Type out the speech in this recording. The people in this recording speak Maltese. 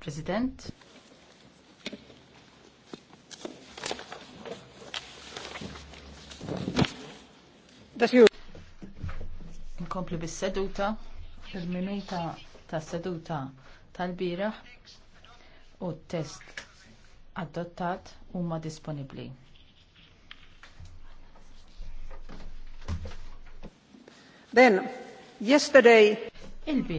President. Inkomplu bis-seduta, il-minuta ta' seduta tal-biraħ u t-test adottat huma disponibbli. Then, Yesterday. il